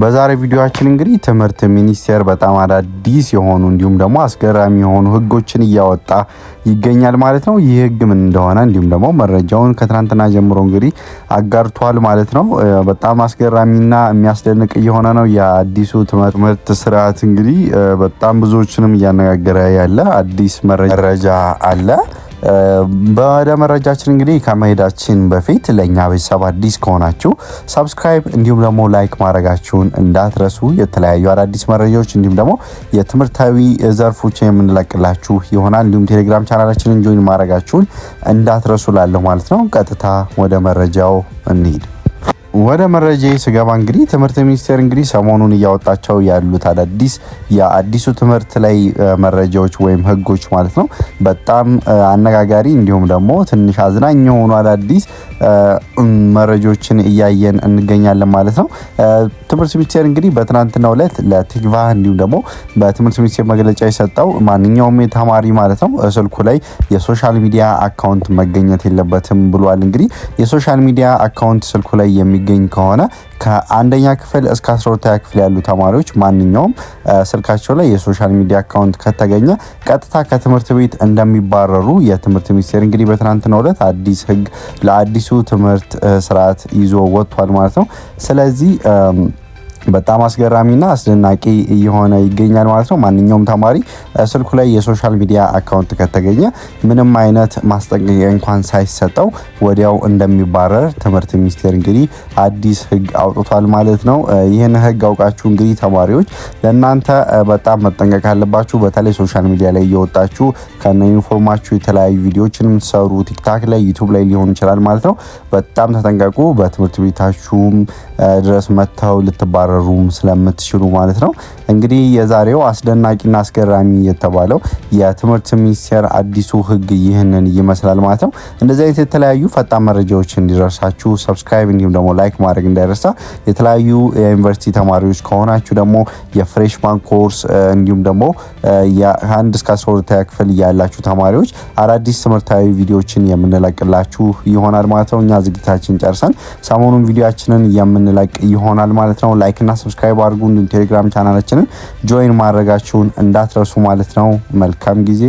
በዛሬ ቪዲዮአችን እንግዲህ ትምህርት ሚኒስቴር በጣም አዳዲስ የሆኑ እንዲሁም ደግሞ አስገራሚ የሆኑ ህጎችን እያወጣ ይገኛል ማለት ነው። ይህ ህግ ምን እንደሆነ እንዲሁም ደግሞ መረጃውን ከትናንትና ጀምሮ እንግዲህ አጋርቷል ማለት ነው። በጣም አስገራሚና የሚያስደንቅ እየሆነ ነው የአዲሱ ትምህርት ስርዓት እንግዲህ በጣም ብዙዎችንም እያነጋገረ ያለ አዲስ መረጃ አለ። ወደ መረጃችን እንግዲህ ከመሄዳችን በፊት ለእኛ ቤተሰብ አዲስ ከሆናችሁ ሰብስክራይብ እንዲሁም ደግሞ ላይክ ማድረጋችሁን እንዳትረሱ። የተለያዩ አዳዲስ መረጃዎች እንዲሁም ደግሞ የትምህርታዊ ዘርፎች የምንለቅላችሁ ይሆናል። እንዲሁም ቴሌግራም ቻናላችንን ጆይን ማድረጋችሁን እንዳትረሱ ላለሁ ማለት ነው። ቀጥታ ወደ መረጃው እንሂድ። ወደ መረጃ ስገባ እንግዲህ ትምህርት ሚኒስቴር እንግዲህ ሰሞኑን እያወጣቸው ያሉት አዳዲስ የአዲሱ ትምህርት ላይ መረጃዎች ወይም ህጎች ማለት ነው በጣም አነጋጋሪ እንዲሁም ደግሞ ትንሽ አዝናኝ የሆኑ አዳዲስ መረጃዎችን እያየን እንገኛለን ማለት ነው። ትምህርት ሚኒስቴር እንግዲህ በትናንትናው ዕለት ለትግቫ እንዲሁም ደግሞ በትምህርት ሚኒስቴር መግለጫ የሰጠው ማንኛውም የተማሪ ማለት ነው ስልኩ ላይ የሶሻል ሚዲያ አካውንት መገኘት የለበትም ብሏል። እንግዲህ የሶሻል ሚዲያ አካውንት ስልኩ ላይ የሚ የሚገኝ ከሆነ ከአንደኛ ክፍል እስከ 12ኛ ክፍል ያሉ ተማሪዎች ማንኛውም ስልካቸው ላይ የሶሻል ሚዲያ አካውንት ከተገኘ ቀጥታ ከትምህርት ቤት እንደሚባረሩ የትምህርት ሚኒስቴር እንግዲህ በትናንትናው ዕለት አዲስ ህግ ለአዲሱ ትምህርት ስርዓት ይዞ ወጥቷል ማለት ነው። ስለዚህ በጣም አስገራሚና አስደናቂ እየሆነ ይገኛል ማለት ነው። ማንኛውም ተማሪ ስልኩ ላይ የሶሻል ሚዲያ አካውንት ከተገኘ ምንም አይነት ማስጠንቀቂያ እንኳን ሳይሰጠው ወዲያው እንደሚባረር ትምህርት ሚኒስቴር እንግዲህ አዲስ ሕግ አውጥቷል ማለት ነው። ይህን ሕግ አውቃችሁ እንግዲህ ተማሪዎች ለእናንተ በጣም መጠንቀቅ አለባችሁ። በተለይ ሶሻል ሚዲያ ላይ እየወጣችሁ ከነ ዩኒፎርማችሁ የተለያዩ ቪዲዮዎችን የምትሰሩ ቲክታክ ላይ ዩቱብ ላይ ሊሆን ይችላል ማለት ነው። በጣም ተጠንቀቁ። በትምህርት ቤታችሁም ድረስ መጥተው ልትባረ ልትባረሩም ስለምትችሉ ማለት ነው። እንግዲህ የዛሬው አስደናቂና አስገራሚ የተባለው የትምህርት ሚኒስቴር አዲሱ ህግ ይህንን ይመስላል ማለት ነው። እንደዚህ አይነት የተለያዩ ፈጣን መረጃዎች እንዲደርሳችሁ ሰብስክራይብ፣ እንዲሁም ደግሞ ላይክ ማድረግ እንዳይረሳ። የተለያዩ የዩኒቨርሲቲ ተማሪዎች ከሆናችሁ ደግሞ የፍሬሽማን ኮርስ እንዲሁም ደግሞ ከአንድ እስከ አስራ ሁለተኛ ክፍል ያላችሁ ተማሪዎች አዳዲስ ትምህርታዊ ቪዲዮዎችን የምንለቅላችሁ ይሆናል ማለት ነው። እኛ ዝግጅታችን ጨርሰን ሰሞኑን ቪዲዮችንን የምንለቅ ይሆናል ማለት ነው። ላይክና ሰብስክራይብ አድርጉ። እንዲሁም ቴሌግራም ቻናላችንን ጆይን ማድረጋችሁን እንዳትረሱ ማለት ነው። መልካም ጊዜ